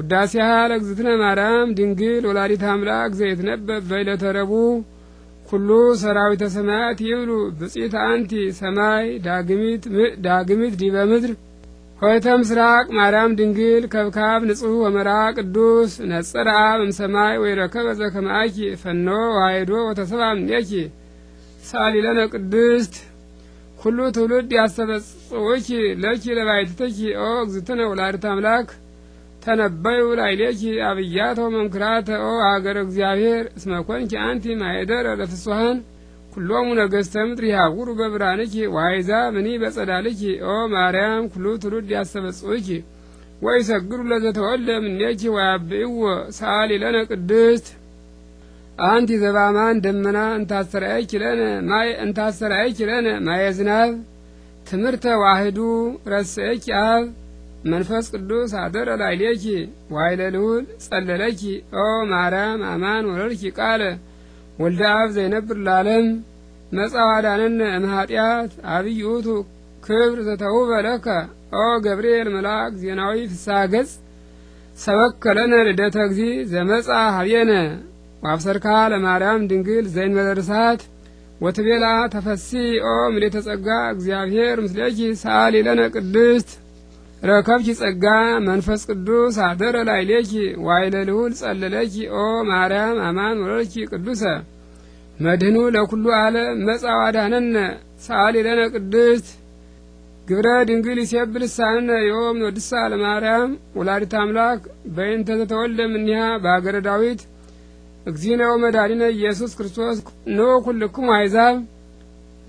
ውዳሴሃ ለእግዝእትነ ማርያም ድንግል ወላዲት አምላክ ዘይትነበብ በዕለተ ረቡዕ ኩሉ ሰራዊተ ሰማያት ይብሉ ብጽኢት አንቲ ሰማይ ዳግሚት ዲበ ምድር ሆይተ ምስራቅ ማርያም ድንግል ከብካብ ንጹሕ ወመራ ቅዱስ ነጽር አብ እምሰማይ ወይረከበ ዘከመ ፈኖ ወሃይዶ ወተሰብአ ሳሊለነ ሳሊ ለነ ቅድስት ኩሉ ትውልድ ያስተበጽውኪ ለኪ ለባይትተኪ ኦ እግዝእትነ ወላዲተ አምላክ ተነበዩ ላዕሌኪ አብያተ ወመምክራተ ኦ አገረ እግዚአብሔር እስመ ኮንኪ አንቲ ማይደረ ለፍጹሐን ኩሎሙ ነገሥተ ምድር ይሃውሩ በብርሃንኪ ዋይዛ ምኒ በጸዳልኪ ኦ ማርያም ኩሉ ትውልድ ወይ ወይሰግዱ ለዘተወለ እምኔኪ ወያብዕዎ ሰአሊ ለነ ቅድስት አንቲ ዘባማን ደመና እንታሰራየኪ ለነ ማየ ዝናብ ትምህርተ ዋህዱ ረስአኪ አብ መንፈስ ቅዱስ አደረ ላዕሌኪ ዋይለ ልዑል ጸለለኪ ኦ ማርያም አማን ወለልኪ ቃለ ወልደ አብ ዘይነብር ላለም መጻዋዳንን እምኀጢአት አብይ ውእቱ ክብር ዘተው በለከ ኦ ገብርኤል መልአክ ዜናዊ ፍሳ ገጽ ሰበከለነ ልደተ እግዚ ዘመጻ ሀብየነ ዋብሰርካ ለማርያም ድንግል ዘይን መደርሳት ወትቤላ ተፈሲ ኦ ምሌተ ጸጋ እግዚአብሔር ምስሌኪ ሰአሊ ለነ ቅድስት ረከብኪ ጸጋ መንፈስ ቅዱስ አደረ ላይሌኪ ዋይለ ልዑል ጸለለኪ ኦ ማርያም አማን ወረኪ ቅዱሰ መድህኑ ለኩሉ ዓለም መጻ ዋዳነነ ለነ ቅድስት ግብረ ድንግል ይሴብ ልሳንነ ዮም ወድሳ ለማርያም ወላዲት አምላክ በእንተ ተተወልደ እምኔሃ በአገረ ዳዊት እግዚእነ ወመድኃኒነ ኢየሱስ ክርስቶስ ኑ ኩልክሙ አሕዛብ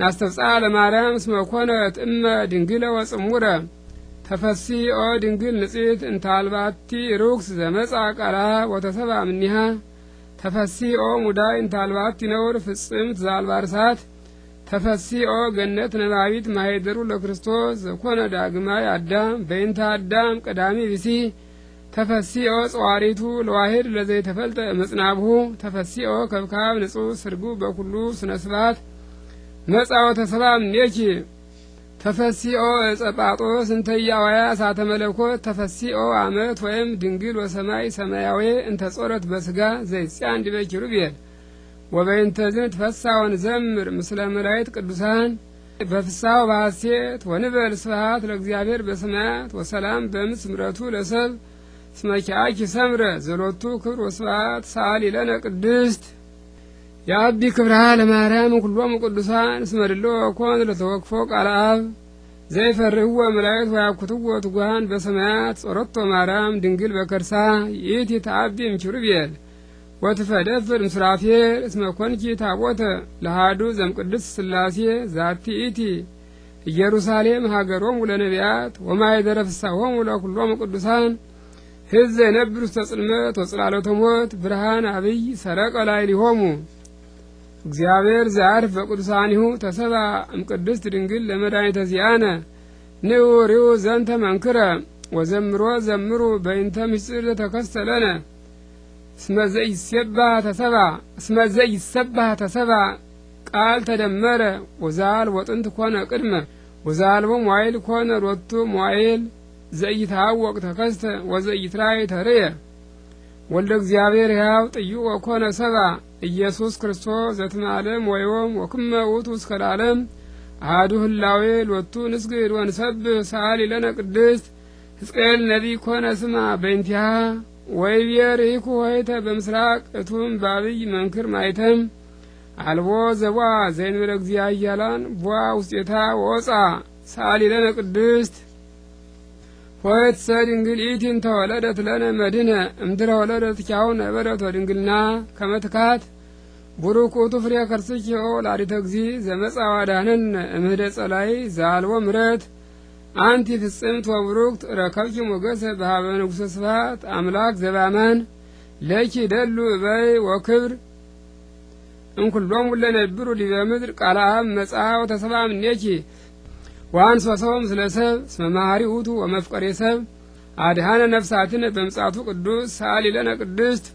ናስተብጽዓ ለማርያም እስመ ኮነት እመ ድንግለ ወጽሙረ ተፈሲ ኦ ድንግል ንጽት እንታልባቲ ሩክስ ዘመጻ ቃላ ወተሰባ ምኒሃ ተፈሲ ኦ ሙዳይ እንታልባቲ ነውር ፍጽምት ዛልባርሳት ተፈሲ ኦ ገነት ነባቢት ማሄደሩ ለክርስቶስ ዘኮነ ዳግማይ አዳም በይንተ አዳም ቀዳሚ ብሲ ተፈሲ ኦ ጸዋሪቱ ለዋሂድ ለዘይተፈልጠ መጽናብሁ ተፈሲ ኦ ከብካብ ንጹሕ ስርጉ በኩሉ ስነ ስባት መጻወ ተሰባ ተፈሲኦ እጸ ጳጦስ እንተ ያዋያ ሳተ መለኮት ተፈሲኦ አመት ወይም ድንግል ወሰማይ ሰማያዊ እንተ ጾረት በስጋ ዘይጽያን ዲበ ኪሩቤል ወበይንተ ዝን ትፈሳውን ዘምር ምስለ መላእክት ቅዱሳን በፍሳው በሐሴት ወንበል ስብሐት ለእግዚአብሔር በሰማያት ወሰላም በምስ ምረቱ ለሰብ ስመኪአኪ ሰምረ ዘሎቱ ክብር ወስብሐት ሳሊ ይለነ ቅድስት የአቢ ክብርሃ ለማርያም ኩሎም ቅዱሳን እስመድሎ ኮን ለተወክፎ ቃለ አብ ዘይፈርህዎ መላእክት ወያኩትዎ ትጉሃን በሰማያት ጸሎቶ ማርያም ድንግል በከርሳ ይእቲ ተአቢ እምኪሩቤል ወትፈደፍር ምስራፌል እስመ ኮንኪ ታቦተ ለሃዱ ዘምቅድስ ስላሴ ዛቲ ኢቲ ኢየሩሳሌም ሀገሮሙ ለነቢያት ወማኅደረ ፍሥሓሆሙ ለኵሎሙ ቅዱሳን ሕዝብ ዘይነብሩ ውስተ ጽልመት ወጽላሎተ ሞት ብርሃን አብይ ሰረቀ ላዕሌሆሙ እግዚአብሔር ዘአርፍ በቅዱሳኒሁ ተሰባ እምቅድስት ድንግል ለመድኃኒተ ዚአነ ንዑ ርዑ ዘንተ መንክረ ወዘምሮ ዘምሩ በእንተ ምስጢር ዘተከስተለነ እስመዘ ይሴባህ ተሰባ እስመዘ ይሰባህ ተሰባ ቃል ተደመረ ወዛል ወጥንት ኮነ ቅድመ ወዛልቦ ሞዋይል ኮነ ሮቱ ሞዋይል ዘኢታወቅ ተከስተ ወዘኢትራይ ተርየ ወልደ እግዚአብሔር ያው ጥዩቆ ኮነ ሰባ ኢየሱስ ክርስቶስ ዘትና ዓለም ወዮም ወክመ ውእቱ እስከ ለዓለም አሐዱ ህላዌ ሎቱ ንስግድ ወንሰብህ ሰአሊ ለነ ቅድስት ሕዝቅኤል ነቢይ ኮነ ስማ በእንቲሃ ይኩ ኆኅተ በምስራቅ እቱም በአብይ መንክር ማይተም አልቦ ዘቧ ዘይንብለ እግዚአ ኃያላን ቧ ውስጤታ ወፃ ሰአሊ ለነ ቅድስት ሰ ድንግል ኢቲን ወለደት ለነ መድነ እምድረ ወለደት ኪያውነ በረት ወድንግልና ከመትካት ትካት ቡሩክ ውእቱ ፍሬ ከርስኪ ኦ ወላዲተ እግዚእ ዘመጽአ እምህደ ጸላይ ዘአልቦ ምረት አንቲ ፍጽምት ወቡሩክት ረከብኪ ሞገሰ በሃበ ንጉሠ አምላክ ዘባማን ለኪ ደሉ እበይ ወክብር እንኩሎም ለነብሩ ዲበ ምድር ቃለ አብ መጽአ ወተሰብአ ወአንሶሰም ስለ ሰብ እስመ መሐሪ ውእቱ ወመፍቀሬ ሰብ አድሃነ ነፍሳትን በምጻቱ ቅዱስ ሰአሊ ለነ ቅድስት